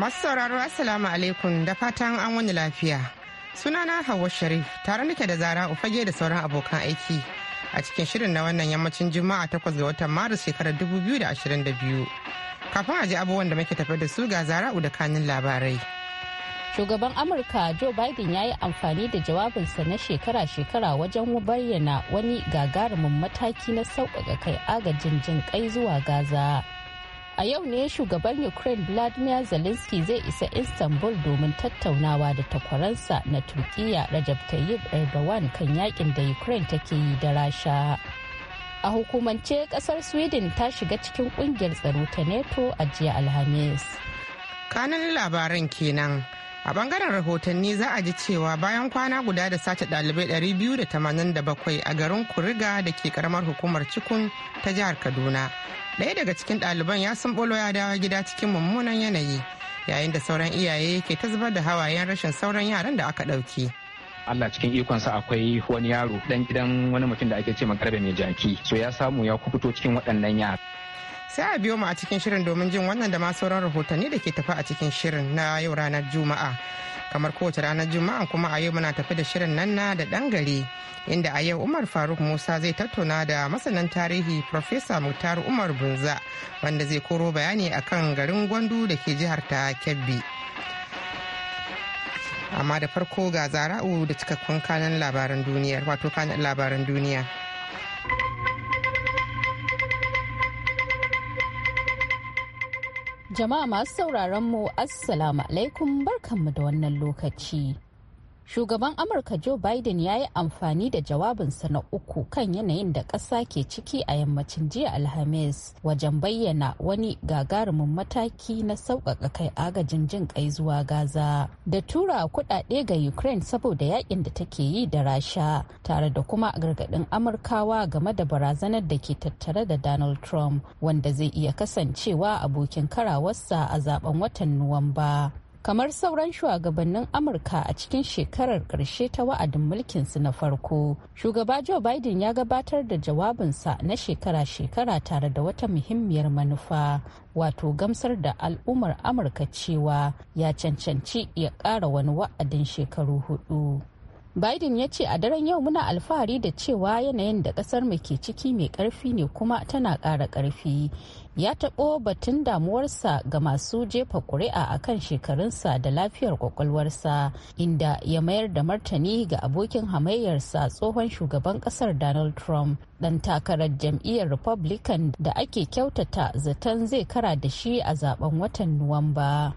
Masu sauraro Assalamu alaikum da fatan an wani lafiya. Sunana hawa Sharif tare nake da Zara Ufage da sauran abokan aiki a cikin shirin na wannan yammacin Juma'a takwas ga watan Maris shekarar da biyu Kafin a ji abubuwan da muke tafi da su ga Zara'u da kanin labarai. Shugaban Amurka Joe Biden ya yi amfani da jawabinsa na shekara-shekara wajen bayyana wani gagarumin mataki na sauƙaƙa kai agajin jin kai zuwa Gaza. a yau ne shugaban ukraine vladimir zelensky zai isa istanbul domin tattaunawa da takwaransa na turkiya rajab tayyip erdogan kan yakin da ukraine take yi da rasha a hukumance kasar sweden ta shiga cikin kungiyar tsaro ta NATO a jiya alhamis kanan labaran kenan a bangaren rahotanni za a ji cewa bayan kwana guda da sace dalibai 287 a garin kuriga da ke karamar hukumar cikun ta jihar kaduna ɗaya daga cikin ɗaliban ya sumbolo ya dawo gida cikin mummunan yanayi yayin da sauran iyaye ke ta zubar da hawayen rashin sauran yaran da aka ɗauki. Allah cikin ikonsa akwai wani yaro dan gidan wani mutum da ake ce magarbe mai jaki so ya samu ya kubuto cikin waɗannan yara sai a biyo mu a cikin shirin domin jin wannan da ma sauran rahotanni da ke tafi a cikin shirin na yau ranar juma'a kamar kowace ranar juma'a kuma a yau muna tafi da shirin nan na da dan gari inda a yau umar faruk musa zai tattauna da masanan tarihi profesa muktar umar bunza wanda zai koro bayani akan garin gwandu da ke jihar ta kebbi amma da farko ga zara'u da cikakkun kanan labaran duniya wato kanan labaran duniya Jama'a masu sauraron mu Assalamu alaikum barkanmu da wannan lokaci. shugaban amurka joe biden ya yi amfani da jawabinsa na uku kan yanayin da ƙasa ke ciki a yammacin jiya alhamis wajen bayyana wani gagarumin mataki na sauƙaƙa kai agajin jin kai zuwa gaza da tura kuɗaɗe ga ukraine saboda yakin da take yi da rasha tare da kuma gargaɗin amurkawa game da barazanar da ke tattare da donald trump wanda zai iya kasancewa abokin karawarsa a zaben watan nuwamba kamar sauran shugabannin amurka a cikin shekarar karshe ta wa'adin mulkin su na farko shugaba joe biden ya gabatar da jawabinsa na shekara-shekara tare da wata muhimmiyar manufa wato gamsar da al'ummar amurka cewa ya cancanci ya ƙara wani wa'adin shekaru hudu Biden ya ce a daren yau muna alfahari da cewa yanayin da kasar mu ke ciki mai karfi ne kuma tana kara karfi. Ya taɓo batun damuwarsa ga masu jefa ƙuri'a a kan shekarunsa da lafiyar kwakwalwarsa inda ya mayar da martani ga abokin hamayyarsa tsohon shugaban ƙasar Donald Trump ɗan takarar jam'iyyar Republican da ake kyautata zaton zai kara da shi a zaben watan Nuwamba.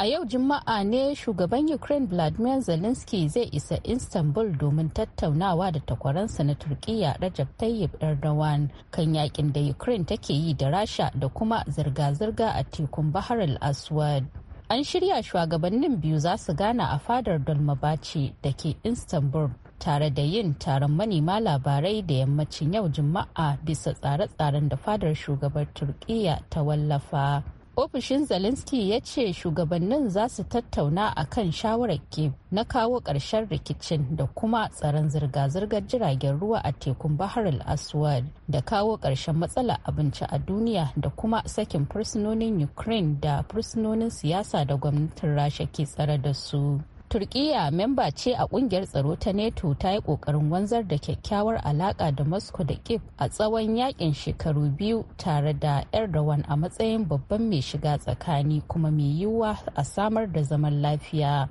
A yau Juma'a ne shugaban Ukraine Vladimir Zelensky zai isa Istanbul domin tattaunawa da takwaransa na Turkiyya Rajab Tayyip Erdogan kan yakin da Ukraine take yi da Rasha da kuma zirga-zirga a tekun Bahar al-Aswad. An shirya shugabannin biyu za su gana a fadar Dolmabaci da ke Istanbul tare da yin taron manema labarai da yammacin yau Juma'a bisa tsare-tsaren da fadar shugabar Turkiyya ta wallafa. ofishin zelensky ya ce shugabannin za su tattauna a kan shawarar kiev na kawo ƙarshen rikicin da kuma tsaron zirga-zirgar jiragen ruwa a tekun bahar al-aswad da kawo ƙarshen matsala abinci a duniya da kuma sakin fursunonin ukraine da fursunonin siyasa da gwamnatin rasha ke tsare da su turkiya memba ce a kungiyar tsaro ta neto ta yi kokarin wanzar da kyakkyawar alaka da moscow da kif a tsawon yakin shekaru biyu tare da erdogan a matsayin babban mai shiga tsakani kuma mai yiwuwa a samar da zaman lafiya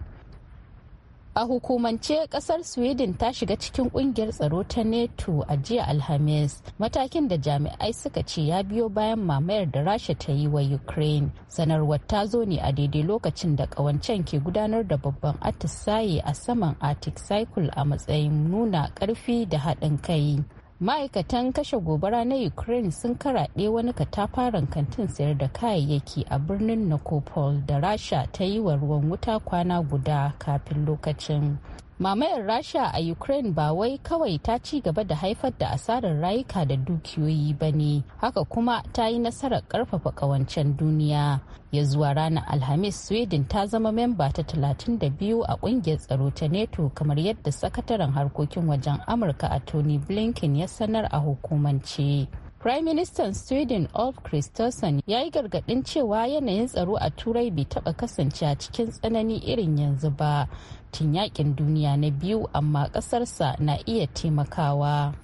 a hukumance kasar sweden ta shiga cikin kungiyar tsaro ta nato a jiya alhamis matakin da jami'ai suka ce ya biyo bayan mamayar da rasha ta yi wa ukraine sanarwar ta zo ne a daidai lokacin da kawancen ke gudanar da babban atisaye a saman arctic cycle a matsayin nuna karfi da haɗin kai ma'aikatan kashe gobara na ukraine sun karaɗe wani katafaren kantin sayar da kayayyaki a birnin nikopol da rasha ta yi wa ruwan wuta kwana guda kafin lokacin mamayar rasha a ukraine ba wai kawai ta ci gaba da haifar da asarar rayuka da dukiyoyi ba ne haka kuma ta yi nasarar karfafa kawancen duniya ya zuwa ranar alhamis sweden ta zama memba ta 32 a kungiyar tsaro ta neto kamar yadda sakataren harkokin wajen amurka a tony blinken ya sanar a hukumance Prime Minister Sweden Ulf Kristersson ya yi gargaɗin cewa yanayin tsaro a Turai bai taɓa kasance a cikin tsanani irin yanzu ba tun yakin duniya na biyu amma ƙasarsa na iya taimakawa.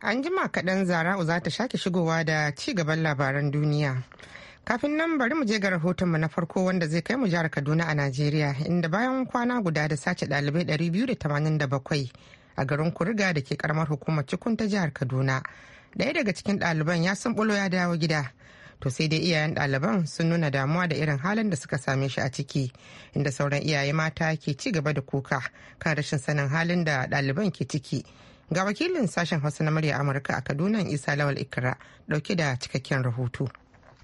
An jima kaɗan zara'u za ta sake shigowa da ci gaban labaran duniya. kafin nan bari mu je ga rahotonmu na farko wanda zai kai mu jihar kaduna a najeriya inda bayan kwana guda da sace ɗalibai 287 a garin kuriga da ke karamar hukumar cikun ta jihar kaduna ɗaya daga cikin ɗaliban ya san bulo ya dawo gida to sai dai iyayen ɗaliban sun nuna damuwa da irin halin da suka same shi a ciki inda sauran iyaye mata ke ci gaba da kuka kan rashin sanin halin da ɗaliban ke ciki ga wakilin sashen hausa na murya amurka a kaduna isa lawal ikra ɗauke da cikakken rahoto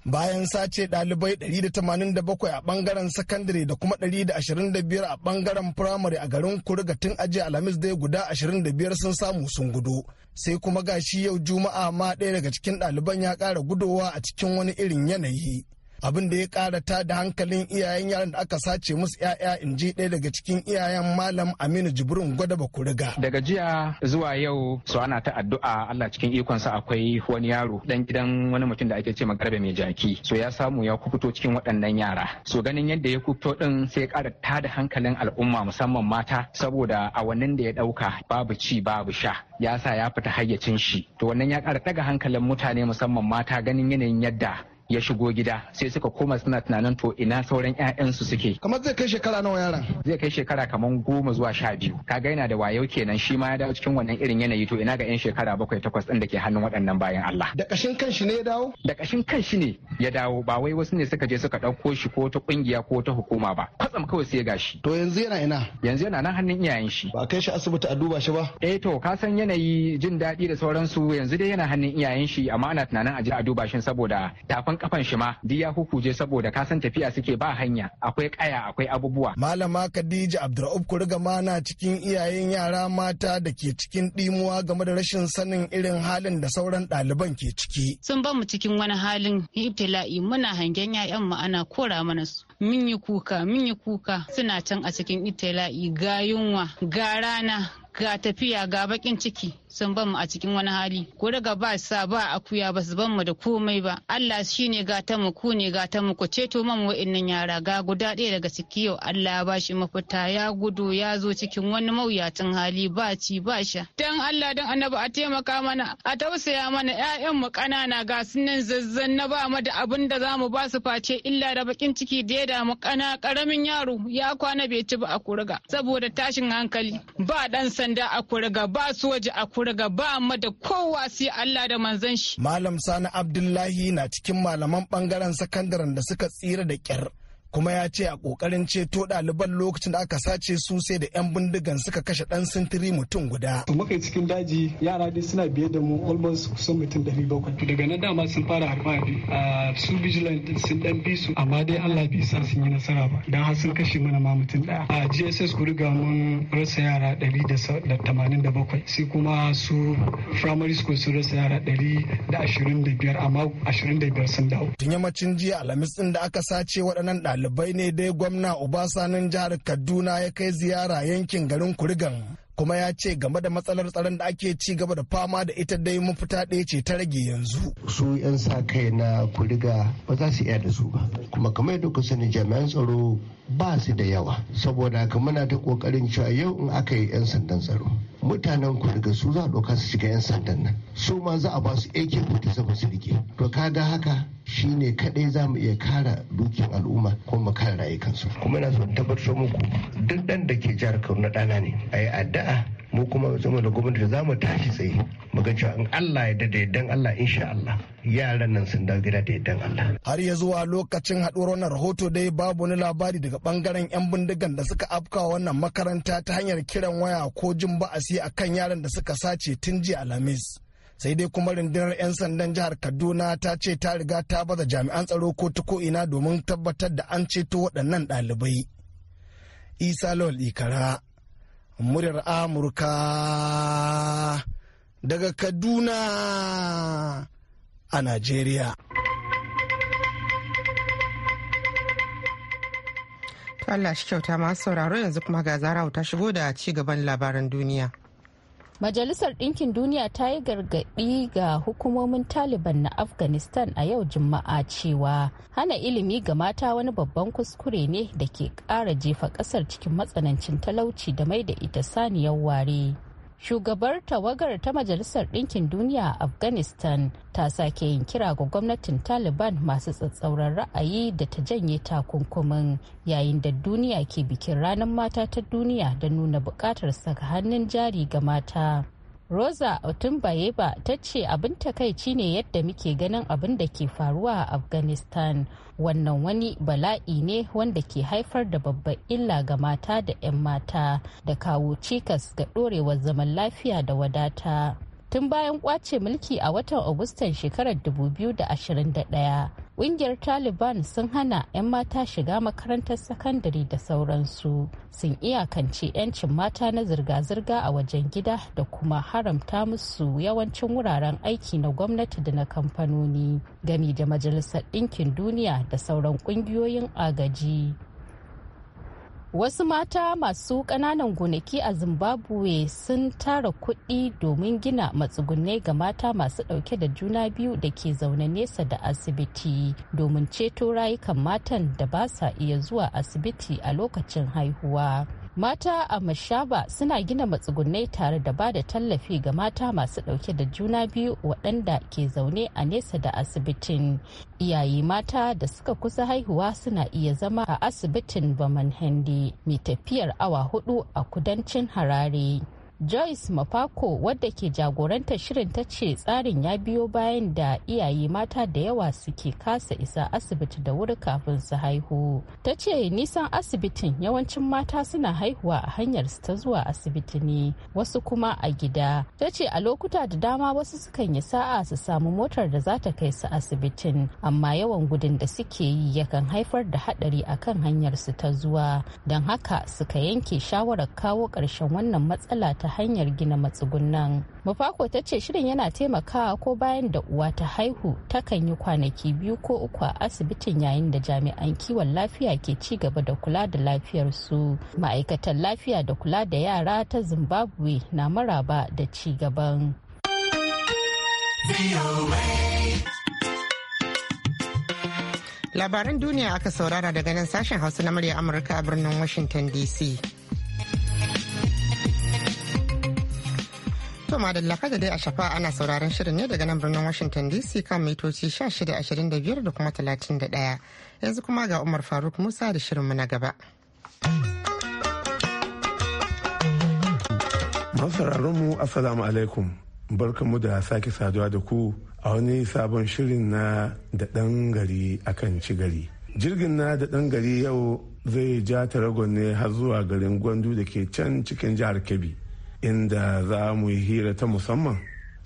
bayan sace ɗalibai 187 a bangaren sakandare da kuma 125 a bangaren firamare a garin kuriga tun aji alhamis dai guda 25 sun samu sun gudu sai kuma gashi yau juma'a ma ɗaya daga cikin ɗaliban ya ƙara gudowa a cikin wani irin yanayi abin da ya kara ta da hankalin iyayen yaran da aka sace musu 'ya'ya in ji ɗaya daga cikin iyayen malam aminu jibrin gwada ba riga. daga jiya zuwa yau su ana ta addu'a allah cikin ikon ikonsa akwai wani yaro dan gidan wani mutum da ake ce magarbe mai jaki so ya samu ya kubuto cikin waɗannan yara so ganin yadda ya kubuto ɗin, sai ya kara ta da hankalin al'umma musamman mata saboda awannin da ya ɗauka babu ci babu sha ya sa ya fita hayyacin shi to wannan ya kara ɗaga hankalin mutane musamman mata ganin yanayin yadda ya shigo gida sai suka koma suna tunanin to ina sauran 'ya'yansu suke kamar zai kai shekara nawa yaran zai kai shekara kamar goma zuwa sha biyu Ka ga yana da wayo kenan shi ma ya dawo cikin wannan irin yanayi to ina ga 'yan shekara bakwai takwas ɗin da ke hannun waɗannan bayan Allah da ƙashin kan shi ne ya dawo da ƙashin kan shi ne ya dawo ba wai wasu ne suka je suka ɗauko shi ko ta ƙungiya ko ta hukuma ba kwatsam kawai sai ga shi to yanzu yana ina yanzu yana nan hannun iyayen shi ba kai shi asibiti a duba shi ba eh to ka san yanayi jin daɗi da sauransu yanzu dai yana hannun iyayen shi amma ana tunanin a je a duba shi saboda tafin kafan shi ma duk ya hukuje saboda ka san tafiya suke ba hanya akwai kaya akwai abubuwa malama Khadija ku riga na cikin iyayen yara mata da ke cikin dimuwa game da rashin sanin irin halin da sauran ɗaliban ke ciki sun ba mu cikin wani halin ibtila'i muna hangen 'ya'yan mu ana kora mana su mun yi kuka mun yi kuka suna can a cikin ibtila'i ga yunwa ga rana ga tafiya ga bakin ciki sun ban mu a cikin wani hali ko daga ba sa ba akuya ba su ban mu da komai ba Allah shi ne gata mu ku ne gata mu ku ceto man wa'annan yara ga guda ɗaya daga ciki yau Allah ya bashi mafita ya gudu ya zo cikin wani mawuyacin hali ba ci ba sha dan Allah dan annabi a taimaka mana a tausaya mana ƴaƴan mu kanana ga sunan zazzan na ba mu da abin da zamu ba su face illa da bakin ciki da ya damu kana karamin yaro ya kwana bai ci ba a kuriga saboda tashin hankali ba dan sanda a kuriga ba su waje a kuriga ku daga ba amma da kowa sai Allah da manzon shi. Malam Sani Abdullahi na cikin malaman bangaren sakandaren da suka tsira da ƙyar. kuma ya ce a kokarin ceto ɗaliban lokacin da aka sace su sai da 'yan bindigan suka kashe ɗan sintiri mutum guda. To muka cikin daji yara dai suna biye da mu almost kusan mutum ɗari bakwai. Daga nan dama sun fara harba a ah, su vigilant sun ɗan bi su amma dai Allah bai sa sun yi nasara ba dan har sun kashe mana ma mutum ɗaya. A ah, GSS ku riga mun rasa yara ɗari da tamanin da bakwai sai kuma su primary school sun rasa yara ɗari da ashirin da biyar amma ashirin da biyar sun dawo. Tun yammacin jiya Alhamis ɗin da aka sace waɗannan ɗalibai ɗalibai ne dai gwamna Obasanin jihar Kaduna ya kai ziyara yankin garin Kurigan. kuma ya ce game da matsalar tsaron da ake ci gaba da fama da ita dai mafita ɗaya ce ta rage yanzu. su 'yan sa kai na kuriga ba za su iya da su ba kuma kamar yadda ku sani jami'an tsaro ba su da yawa saboda haka muna ta kokarin cewa yau in aka yi 'yan sandan tsaro mutanen kuriga su za a ɗauka su shiga 'yan sandan nan su ma za a ba su ak-47 su rike to kaga haka shine kadai za mu iya kara dukiyar al'umma ko mu kare rayukansu kuma na so tabbatar muku duk dan da ke jihar Kaduna dana ne ayi addu'a mu kuma zama da gwamnati za mu tashi tsaye mu ga cewa in Allah ya da dan Allah insha Allah yaran nan sun dawo gida da yaddan Allah har ya zuwa lokacin haɗuwar wannan rahoto dai babu wani labari daga bangaren yan bindigan da suka afka wannan makaranta ta hanyar kiran waya ko jin ba'asi akan yaran da suka sace tun jiya Alhamis sai dai kuma rundunar 'yan sandan jihar kaduna ta ce ta riga ta baza jami'an tsaro ko ta ko'ina domin tabbatar da an ceto waɗannan ɗalibai isa lawal ikara muryar amurka daga kaduna a nigeria. Allah shi kyauta masu sauraro yanzu kuma ga zara ta shigo da ci gaban labaran duniya. majalisar ɗinkin duniya ta yi gargaɗi ga hukumomin taliban na afghanistan a yau juma'a cewa hana ilimi ga mata wani babban kuskure ne da ke ƙara jefa ƙasar cikin matsanancin talauci da mai da ita saniyar ware shugabar tawagar ta majalisar ɗinkin duniya a afghanistan ta sake yin kira ga gwamnatin taliban masu tsatsauran ra'ayi da ta janye takunkumin yayin da duniya ke bikin ranar mata ta duniya da nuna bukatar saka hannun jari ga mata rosa otumbayeba ta ce abin takaici ne yadda muke ganin abin da ke faruwa a afghanistan wannan wani bala'i ne wanda ke haifar da babban illa ga mata da 'yan mata da kawo cikas ga ɗorewar zaman lafiya da wadata tun bayan kwace mulki a watan agustan shekarar 2021 ƙungiyar taliban sun hana 'yan mata shiga makarantar sakandare da sauransu sun iyakance 'yancin mata na zirga-zirga a wajen gida da kuma haramta musu yawancin wuraren aiki na gwamnati da na kamfanoni gami da majalisar ɗinkin duniya da sauran ƙungiyoyin agaji Wasu mata masu ƙananan gonaki a Zimbabwe sun tara kuɗi domin gina matsugunai ga mata masu ɗauke da juna biyu da ke zaune nesa da asibiti domin ceto rayukan matan da ba sa iya zuwa asibiti a lokacin haihuwa. mata a mashaba suna gina matsugunai tare da ba da tallafi ga mata masu dauke da juna biyu waɗanda ke zaune a nesa da asibitin iyaye mata da suka kusa haihuwa suna iya zama a asibitin baman mai tafiyar awa hudu a kudancin harare joyce mafako wadda ke jagoranta shirin ta ce tsarin ya biyo bayan da iyaye mata da yawa suke kasa isa asibiti da wuri kafin su haihu ta ce nisan asibitin yawancin mata suna haihuwa a hanyar su ta zuwa asibiti ne wasu kuma a gida ta ce a lokuta da dama wasu sukan yi sa'a su samu motar da za ta kai su asibitin amma yawan gudun da suke yi yakan haifar da haɗari akan hanyar su ta zuwa don haka suka yanke shawarar kawo ƙarshen wannan matsala ta hanyar gina matsugunan mufako ta ce shirin yana taimakawa ko bayan da uwa ta haihu takan yi kwanaki biyu ko uku a asibitin yayin da jami'an kiwon lafiya ke ci gaba da kula da lafiyar su ma'aikatan lafiya da kula da yara ta zimbabwe na maraba da ci gaban labaran duniya aka saurara daga nan sashen hausa na murya amurka a birnin washington dc To madalla da dai a shafa ana sauraron shirin ne daga nan birnin Washington DC kan mitoci 1625 da kuma 31. Yanzu kuma ga Umar Faruk Musa da shirinmu na gaba. mu Assalamu alaikum. barkamu da sake saduwa da ku a wani sabon shirin na da ɗan gari akan ci gari. Jirgin na da gari yau zai ja taragon ne har zuwa garin Gwandu da ke can cikin jihar Kebbi. inda za mu yi hira ta musamman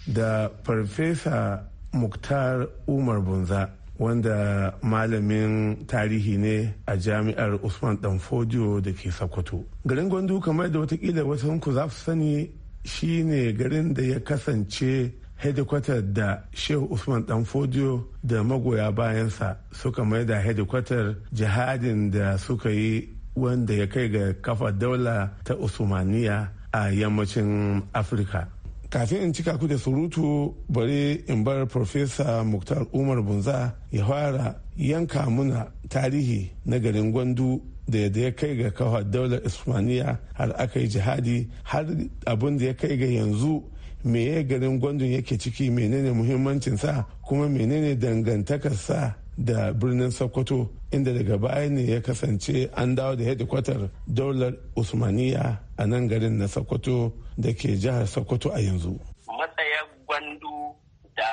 da farfesa muktar umar bunza wanda malamin tarihi ne a jami'ar usman danfodiyo da ke sokoto garin gwandu kamar da watakila wasanku za su sani shine garin da ya kasance hedikwatar da shehu usman danfodiyo da magoya bayansa suka mai da hedikwatar jihadin da suka yi wanda ya kai ga kafa daula ta usmaniya a yammacin afirka kafin in cika ku da surutu bari in bar Profesa Muktar Umar Bunza ya fara yanka muna tarihi na garin Gwandu da yadda ya kai ga kafa daular Ismaniya har aka yi jihadi har abin da ya kai ga yanzu me ya garin Gwandun yake ciki menene muhimmancinsa kuma menene dangantakarsa da birnin sokoto inda daga baya ne ya kasance an dawo da hedikwatar daular usmaniya a nan garin na sokoto da ke jihar sokoto a yanzu matsayar gwandu da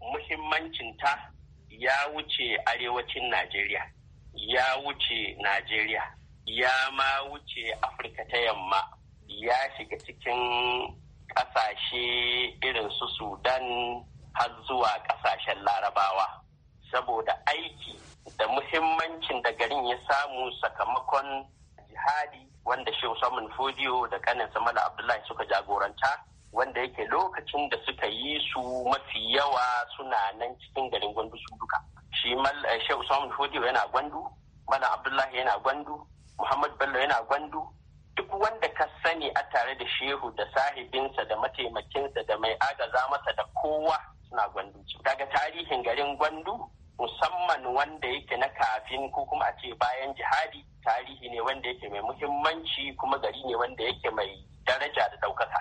muhimmancinta ya wuce arewacin najeriya ya wuce najeriya ya ma wuce afirka ta yamma ya shiga cikin kasashe irin su sudan har zuwa kasashen larabawa saboda aiki da muhimmancin da garin ya samu sakamakon jihadi wanda Shehu Usman Fodiyo da ƙaninsa samala Abdullahi suka jagoranta wanda yake lokacin da suka yi su mafi yawa suna nan cikin garin gwandu su duka. Shi eh, Shehu Usman Fodiyo yana gwandu, Mala Abdullahi yana gwandu, Muhammad Bello yana gwandu, duk wanda ka sani a tare da shehu da sahibinsa da mataimakinsa da mai agaza masa da kowa suna gwandu. Daga tarihin garin gwandu musamman wanda yake na kafin ko kuma a ce bayan jihadi tarihi ne wanda yake mai muhimmanci kuma gari ne wanda yake mai daraja da ɗaukaka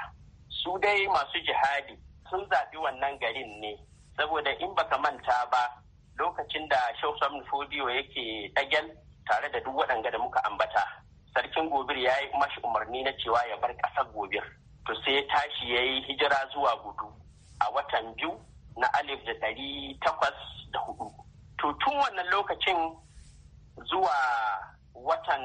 su dai masu jihadi sun zaɓi wannan garin ne saboda in baka manta ba lokacin da shausam fodiyo yake ɗagen tare da duk waɗanda da muka ambata sarkin gobir ya yi mashi umarni na cewa ya bar ƙasar gobir to sai tashi ya yi hijira zuwa gudu a watan biyu na alif da ɗari takwas da hudu to tun wannan lokacin zuwa watan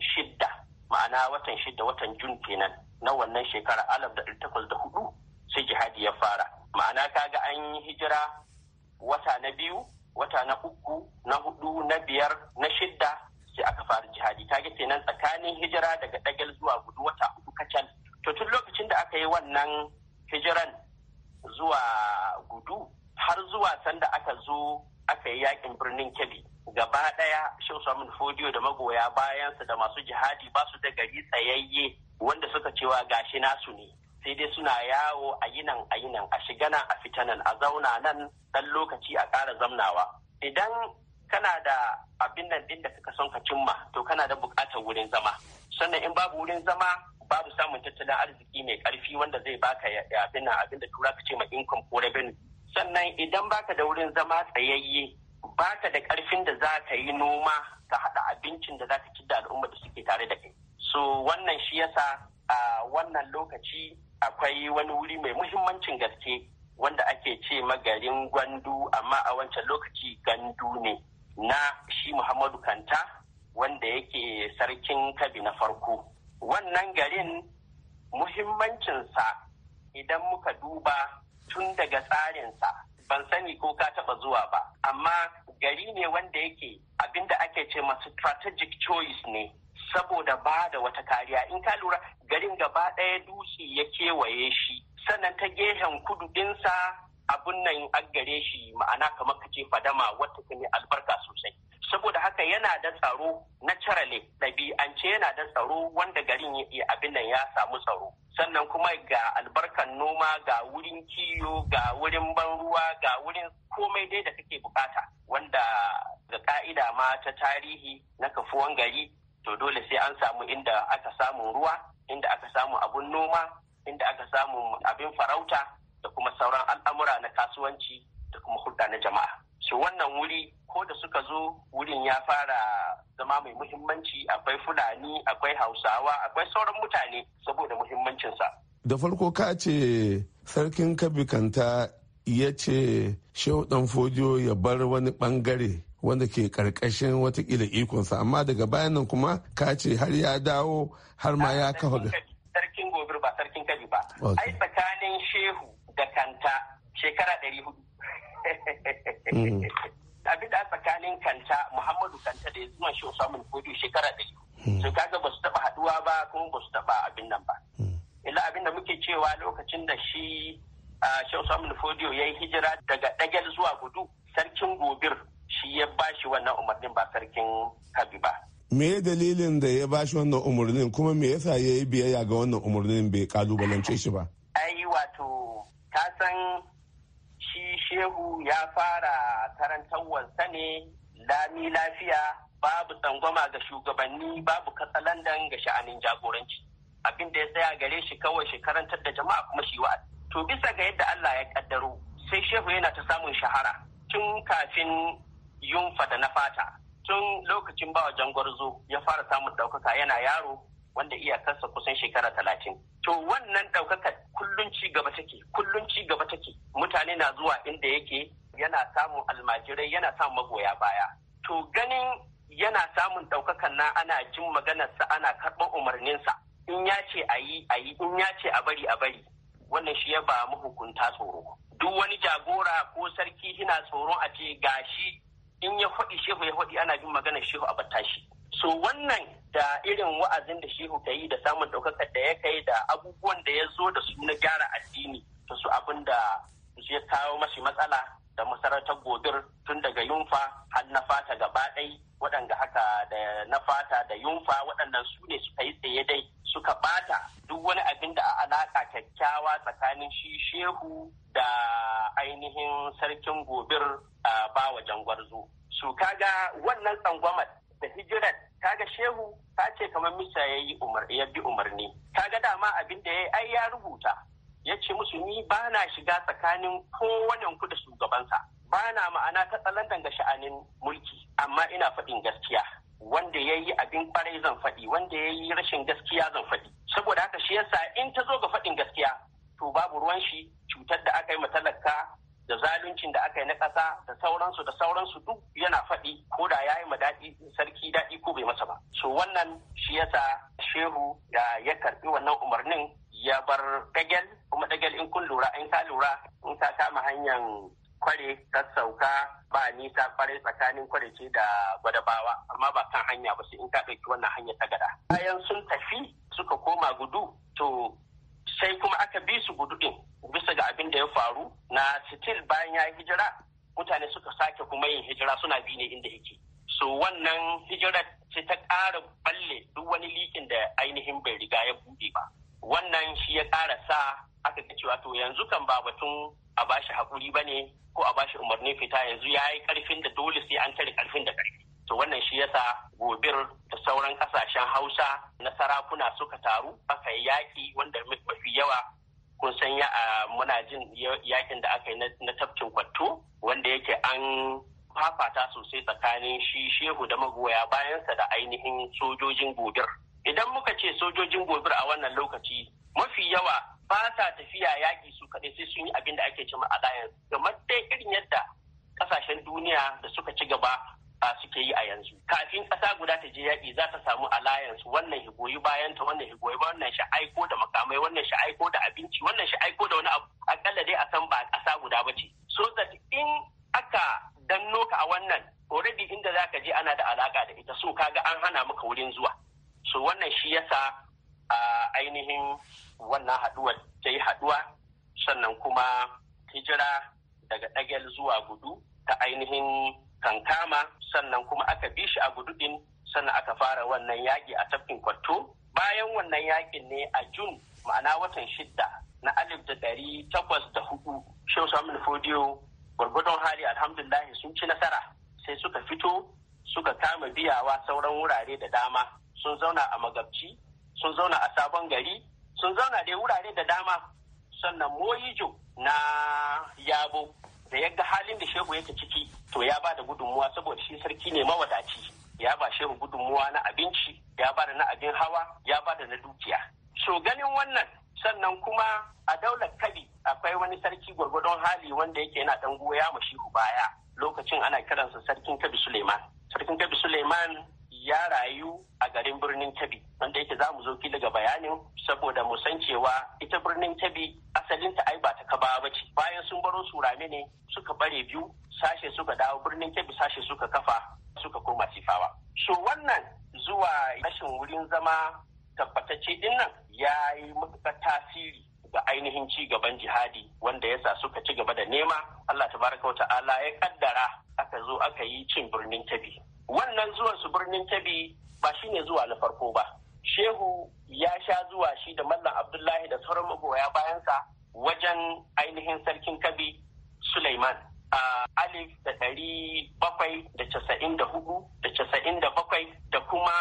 shidda ma'ana watan shidda watan jun kenan na wannan shekara alaf da takwas da hudu sai jihadi ya fara ma'ana kaga an yi hijira wata na biyu wata na uku na hudu na biyar na shidda sai aka fara jihadi kaga kenan tsakanin hijira daga dagal zuwa gudu wata uku kacal to tun lokacin da aka yi wannan hijiran zuwa gudu har zuwa sanda aka zo aka yi yakin birnin kebbi gaba daya shehu samun fodiyo da magoya bayansa da masu jihadi ba su da gari tsayayye wanda suka cewa gashi nasu ne sai dai suna yawo a yinan a yinan a shiga nan a fita nan a zauna nan dan lokaci a ƙara zamnawa idan kana da abin nan din da kaka son ka cimma to kana da buƙatar wurin zama sannan in babu wurin zama babu samun tattalin arziki mai ƙarfi wanda zai baka abin nan abin da tura ka ce ma income ko revenue sannan idan baka da wurin zama tsayayye baka da karfin da za ka yi noma ka haɗa abincin da za ka ci da al'umma da suke tare da kai so wannan shi yasa a wannan lokaci akwai wani wuri mai muhimmancin gaske wanda ake ce magarin gwandu amma a wancan lokaci gandu ne na shi muhammadu kanta wanda yake sarkin kabi na farko wannan garin muhimmancinsa idan muka duba tun daga tsarinsa ban sani ko ka taba zuwa ba amma gari ne wanda yake abinda ake ce masu strategic choice ne saboda ba da wata kariya in ka lura garin gaba ɗaya dutse ya kewaye shi sannan ta gehen kudu ɗinsa abun nan an gare shi ma'ana kamar ka kace fadama wata ne albarka sosai saboda haka yana da tsaro na carale ɗabi'ance yana da tsaro wanda garin abin nan ya samu tsaro sannan kuma ga albarkan noma ga wurin kiyo ga wurin ban ruwa ga wurin komai dai da kake bukata wanda ga ka'ida ma ta tarihi na kafuwan gari to dole sai an samu inda aka samu ruwa inda aka samu abun noma inda aka samu abin farauta da kuma sauran al'amura na kasuwanci da kuma hulɗa na jama'a su wannan wuri ko da suka zo wurin ya fara zama mai muhimmanci akwai fulani akwai hausawa akwai sauran mutane saboda muhimmancinsa da farko ka ce sarkin kabi ya ce shehu dan ya bar wani bangare wanda ke karkashin watakila ikonsa amma daga bayan nan kuma ka ce har ya dawo har ma ya kafa sarkin gobir ba sarkin kabi ba ai tsakanin shehu da kanta shekara Mm. abin da tsakanin kanta muhammadu kanta da ya zuwa shi osamun kudu shekara ɗari su mm. kaga ba su taɓa haɗuwa ba kuma ba su taɓa abin nan ba mm. ila abin da muke cewa lokacin da shi shi osamun fodiyo ya yi hijira daga ɗagel zuwa gudu sarkin gobir shi ya ba shi wannan umarnin ba sarkin kabi ba me dalilin da ya ba shi wannan umarnin kuma me yasa ya yi biyayya ga wannan umarnin bai kalubalance shi ba ai wato ka san shi shehu ya fara karantarwarsa ne lami lafiya babu tsangwama ga shugabanni babu katsalandan ga sha'anin jagoranci abin da ya tsaya gare shi kawai shi karantar da jama'a kuma shi wa to bisa ga yadda Allah ya kaddaro sai shehu yana ta samun shahara tun kafin yunfa da na fata tun lokacin bawa jangwarzo ya fara samun ɗaukaka yana yaro wanda iyakarsa kusan shekara talatin to wannan ɗaukaka kullum ci gaba take yana zuwa inda yake yana samun almajirai yana samun magoya baya to ganin yana samun ɗaukakan na ana jin maganarsa ana karɓar umarninsa in ya ce a yi a yi in ya ce a bari a bari wannan shi ya ba mahukunta tsoro duk wani jagora ko sarki yana tsoro a ce gashi in ya faɗi shehu ya faɗi ana jin maganar shehu a shi so wannan da irin wa'azin da shehu ta yi da samun ɗaukakar da ya kai da abubuwan da ya zo da su na gyara addini to su abin da shi ya kawo mashi matsala da masarautar gobir tun daga yunfa har na fata gaba ɗai waɗanda haka da na fata da yunfa waɗannan su ne suka yi tsaye dai suka bata duk wani abin da a alaƙa kyakkyawa tsakanin shi shehu da ainihin sarkin gobir a bawa jangwarzo su kaga wannan tsangwamar da hijirar kaga shehu ta ce kamar misa ya yi ya bi umarni kaga dama abin da ya yi ai ya rubuta ya ce musu ni ba na shiga tsakanin kowane ku da shugabansa ba na ma'ana ta tsalandan ga sha'anin mulki amma ina faɗin gaskiya wanda ya yi abin kwarai zan faɗi wanda ya yi rashin gaskiya zan faɗi saboda haka shi yasa in ta zo ga faɗin gaskiya to babu ruwan shi cutar da aka yi ma talaka da zaluncin da aka yi na ƙasa da sauransu da sauransu duk yana faɗi ko da ya yi ma daɗi sarki daɗi ko bai masa ba so wannan shi yasa shehu da ya karɓi wannan umarnin ya bar dagel kuma dagel in kun lura in ka lura in ka kama hanyar kware ta sauka ba nisa kware tsakanin kware ce da gwadabawa amma ba kan hanya ba sai in ka ɗauki wannan hanya ta gada bayan sun tafi suka koma gudu to sai kuma aka bi su gudu ɗin bisa ga abin da ya faru na sitil bayan ya hijira mutane suka sake kuma yin hijira suna bi ne inda yake so wannan hijirar ce ta ƙara balle duk wani likin da ainihin bai riga ya buɗe ba wannan shi ya ƙara sa aka ga cewa to yanzu kan ba batun a bashi haƙuri ba ne ko a bashi umarnin fita yanzu ya yi ƙarfin da dole sai an tare ƙarfin da ƙarfi to wannan shi yasa gobir da sauran ƙasashen hausa na sarakuna suka taru aka yi yaƙi wanda mafi yawa kun san ya muna jin yaƙin da aka yi na tafkin kwatto wanda yake an fafata sosai tsakanin shi shehu da magoya bayansa da ainihin sojojin gobir idan muka ce sojojin gobir a wannan lokaci mafi yawa ba sa tafiya yaƙi su kaɗai sai sun yi abin da ake cima alliance kamar dai irin yadda ƙasashen duniya da suka ci gaba a suke yi a yanzu kafin ƙasa guda ta je yaƙi za ta samu alliance wannan higoyi bayan ta wannan higoyi wannan shi aiko da makamai wannan shi aiko da abinci wannan shi aiko da wani abu akalla dai a san ba ƙasa guda ba ce so that in aka danno ka a wannan already inda za ka je ana da alaka da ita so kaga an hana maka wurin zuwa so wannan shi yasa a ainihin wannan haduwa ta yi haduwa sannan kuma hijira daga ɗagel zuwa gudu ta ainihin kankama sannan kuma aka bi shi a gudu ɗin sannan aka fara wannan yaƙi a tafkin kwato bayan wannan yaƙin ne a jun ma'ana watan shidda na alif da ɗari takwas da hudu shehu samun fodiyo gwargwadon hali alhamdulahi sun ci nasara sai suka fito suka kama biyawa sauran wurare da dama sun zauna a magabci sun zauna a sabon gari sun zauna dai wurare da dama sannan moyijo na yabo da ya halin da shehu yake ciki to ya ba da gudunmuwa saboda shi sarki ne mawadaci ya ba shehu gudunmuwa na abinci ya ba da na abin hawa ya ba da na dukiya so ganin wannan sannan kuma a daular kabi akwai wani sarki gwargwadon hali wanda yake yana ɗan goya ma shehu baya lokacin ana kiransa sarkin kabi suleiman sarkin kabi suleiman ya rayu a garin birnin Kebbi wanda yake za mu zo kila ga bayanin saboda mu san cewa ita birnin Kebbi asalinta ai ba ta kaba ba ce bayan sun baro su rame ne suka bare biyu sashe suka dawo birnin Kebbi sashe suka kafa suka koma sifawa so wannan zuwa rashin wurin zama tabbatacce din nan ya yi matuƙar tasiri ga ainihin ci gaban jihadi wanda yasa suka ci gaba da nema Allah Ta tabaraka ta'ala ya kaddara aka zo aka yi cin birnin tabi. wannan zuwan su birnin tabi ba shine zuwa na farko ba Shehu ya sha zuwa shi da Mallam Abdullahi da sauran magoya bayansa wajen ainihin sarkin kabi Suleiman a alif da ɗari bakwai da casa'in da hudu da casa'in da bakwai da kuma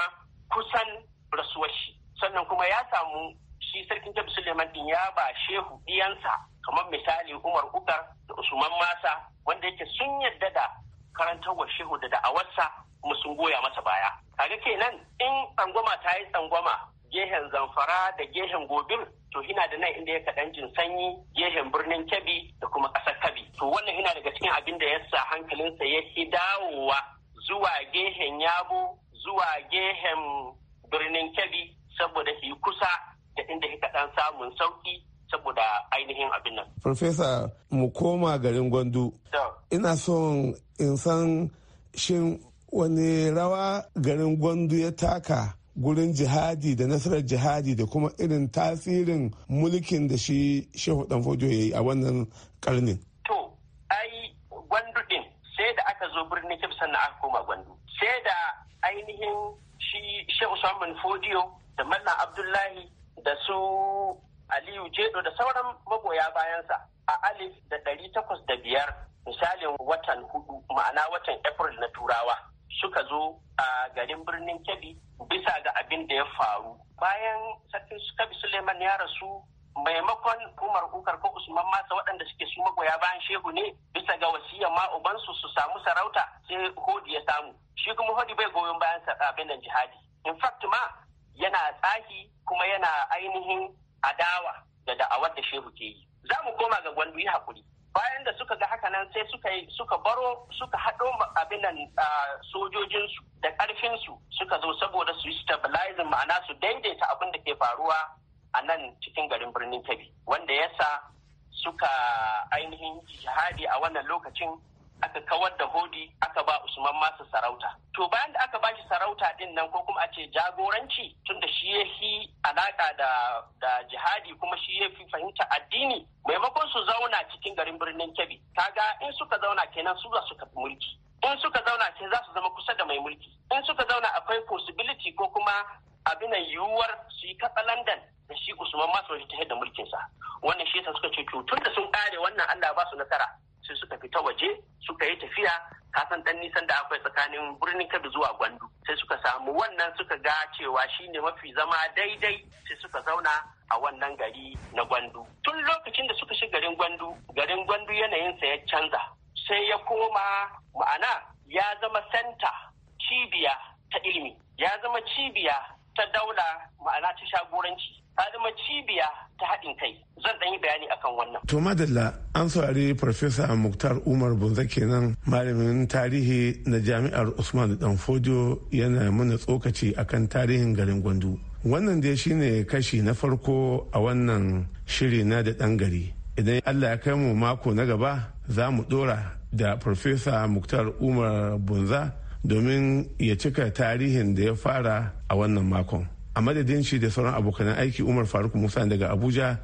kusan rasuwar shi sannan kuma ya samu shi sarkin jabi suleiman din ya ba shehu ɗiyansa kamar misali umar ukar da usman masa wanda yake sun yadda da karantarwar shehu da da'awarsa kuma sun goya masa baya kaga kenan in tsangwama ta yi tsangwama gehen zamfara da gehen gobir to hina da nan inda ya kaɗan jin sanyi gehen birnin kebbi da kuma ƙasar kabi to wannan hina daga cikin abin da ya sa hankalinsa ya fi dawowa zuwa gehen yabo zuwa gehen birnin kebbi saboda fi kusa da inda kika dan samun sauki saboda ainihin abin nan. Farfesa mu koma garin Gwandu. Ina son in san shin wani rawa garin Gwandu ya taka gurin jihadi da nasarar jihadi da kuma irin tasirin mulkin da shi Shehu Danfojo ya yi a wannan karnin. To, ai Gwandu din sai da aka zo birnin Kebbi sannan aka koma Gwandu. Sai da ainihin shi Shehu samun Fodiyo da Mallam Abdullahi da su aliyu jedo da sauran magoya bayansa a alif da ɗari takwas da biyar misalin watan hudu ma'ana watan april na turawa suka zo a garin birnin kebbi bisa ga abin da ya faru bayan sarkin kabi suleiman ya rasu maimakon umar ukar ko usman masa waɗanda suke su magoya bayan shehu ne bisa ga wasiyar ma ubansu su samu sarauta sai hodi ya samu shi kuma hodi bai goyon bayan abin nan jihadi in fact ma yana tsahi kuma yana ainihin adawa da da'awar da shehu ke yi za mu koma ga gwandu yi haƙuri. bayan da suka ga haka nan sai suka suka baro suka haɗo abin nan sojojinsu da ƙarfinsu suka zo saboda su yi ma'ana su daidaita abin da ke faruwa a nan cikin garin birnin kebbi wanda yasa suka ainihin jihadi a wannan lokacin aka kawar da hodi aka ba Usman masu sarauta. To bayan da aka bashi sarauta din nan ko kuma a ce jagoranci da shi ya fi alaƙa da, jihadi kuma shi ya fi fahimta addini maimakon su zauna cikin garin birnin Kebbi. Kaga in suka zauna kenan su za su tafi mulki. In suka zauna ce za su zama kusa da mai mulki. In suka zauna akwai possibility ko kuma abin yiwuwar su yi katsalandan da shi Usman masu ta da mulkinsa. Wannan shi yasa suka ce to tun da sun kare wannan Allah ba su nasara. sai suka fita waje suka yi tafiya kasan dan nisan da akwai tsakanin birnin kabi zuwa gwandu sai suka samu wannan suka ga cewa shine mafi zama daidai sai suka zauna a wannan gari na gwandu tun lokacin da suka shiga garin gwandu garin gwandu yanayinsa ya canza sai ya koma ma'ana ya zama santa cibiya ta ilimi ya zama cibiya ta daula ma'ana ta shagoranci ta zama cibiya ta haɗin kai zan ɗan yi bayani akan wannan. To madalla an saurari Farfesa Muktar Umar Bunza kenan malamin tarihi na jami'ar Usman Danfodio yana mana tsokaci akan tarihin garin Gwandu. Wannan dai shine kashi na farko a wannan shiri na da ɗan gari. Idan Allah ya kai mu mako na gaba za mu ɗora da Farfesa Muktar Umar Bunza domin ya cika tarihin da ya fara a wannan makon. a madadin shi da sauran abokan aiki umar faruk musa daga abuja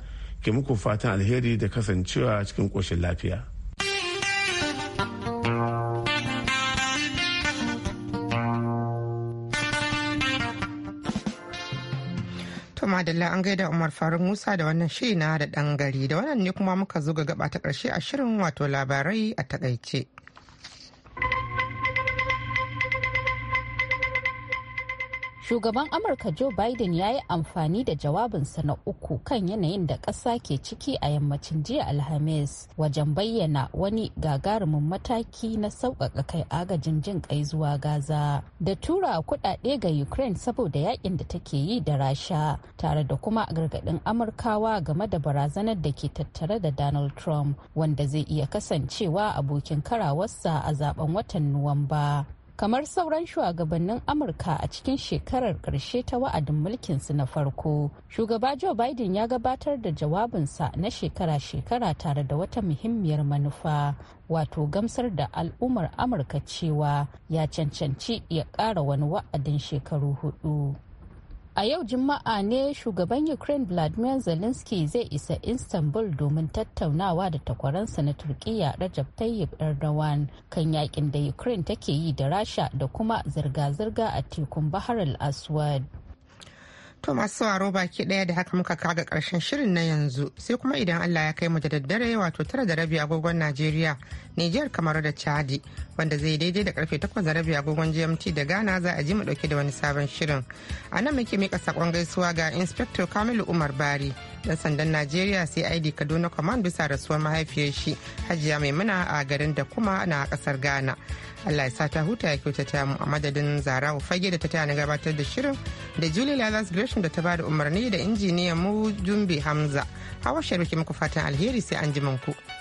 ke muku fatan alheri da kasancewa cikin koshin lafiya madalla an gaida umar faruk musa da wannan shiri na da dan gari da wannan ne kuma muka zo ga gaba ta karshe a shirin wato labarai a takaice. shugaban amurka joe biden ya yi amfani da jawabinsa na uku kan yanayin da ƙasa ke ciki a yammacin jiya alhamis wajen bayyana wani gagarumin mataki na sauƙaƙa kai agajin jin ƙai zuwa gaza da tura kuɗaɗe ga ukraine saboda yakin da take yi da rasha tare da kuma gargaɗin amurkawa game da barazanar da ke tattare da donald trump wanda zai iya kasancewa abokin karawarsa a zaben watan nuwamba kamar sauran shugabannin amurka a cikin shekarar karshe ta wa'adin mulkinsu na farko shugaba joe biden ya gabatar da jawabinsa na shekara-shekara tare da wata muhimmiyar manufa wato gamsar da al'ummar amurka cewa ya cancanci ya ƙara wani wa'adin shekaru hudu A yau Juma'a ne shugaban Ukraine Vladimir Zelensky zai isa Istanbul domin tattaunawa da takwaransa na Turkiyya Rajab Tayyip Erdogan kan yakin da Ukraine take yi da Rasha da kuma zirga-zirga a tekun Bahar al-Aswad. To masu sauraro baki ɗaya da haka muka kaga ƙarshen shirin na yanzu sai kuma idan Allah ya kai mu da daddare wato tara da rabi agogon Najeriya, Nijar kamar da Chadi wanda zai daidai da karfe takwas da rabi agogon GMT da Ghana za a ji mu ɗauke da wani sabon shirin. A nan muke mika sakon gaisuwa ga Inspector Kamilu Umar Bari dan sandan Najeriya sai ID Kaduna Command bisa rasuwar mahaifiyar shi Hajiya Maimuna a garin da kuma na ƙasar Ghana. Allah ya sata huta ya kyauta ta mu a madadin zarawa fage da ta na gabatar da shirin da Julie Lazarus Gresham da ta bada umarni da injiniyan mu Jumbe Hamza. Hawa sharuki muku fatan alheri sai an ji ku.